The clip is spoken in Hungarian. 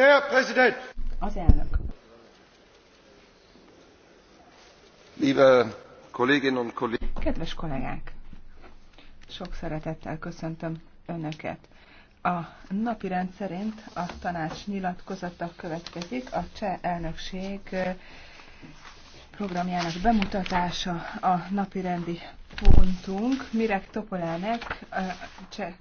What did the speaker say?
Der Präsident! Az elnök. Liebe Kolleginnen und Kollegen! Kedves kollégák! Sok szeretettel köszöntöm Önöket. A napi rend szerint a tanács nyilatkozata következik. A cseh elnökség programjának bemutatása a napirendi pontunk. Mirek Topolánek, cseh